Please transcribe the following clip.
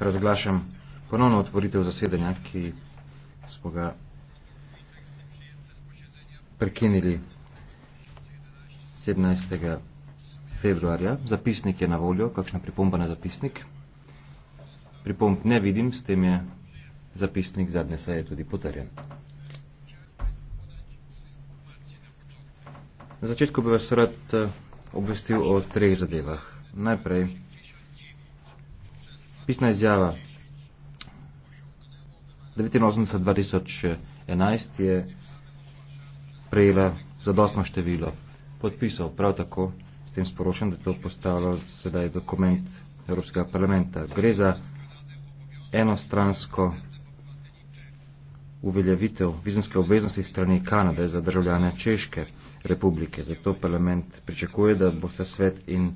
razglašam ponovno otvoritev zasedanja, ki smo ga prekinili 17. februarja. Zapisnik je na voljo, kakšna pripomba na zapisnik. Pripomb ne vidim, s tem je zapisnik zadnje seje tudi potrjen. Na začetku bi vas rad eh, obvestil o treh zadevah. Najprej Pisna izjava 89.2011 je prejela zadostno število podpisal prav tako s tem sporočam, da to postalo sedaj dokument Evropskega parlamenta. Gre za enostransko uveljavitev vizumske obveznosti strani Kanade za državljane Češke republike. Zato parlament pričakuje, da boste svet in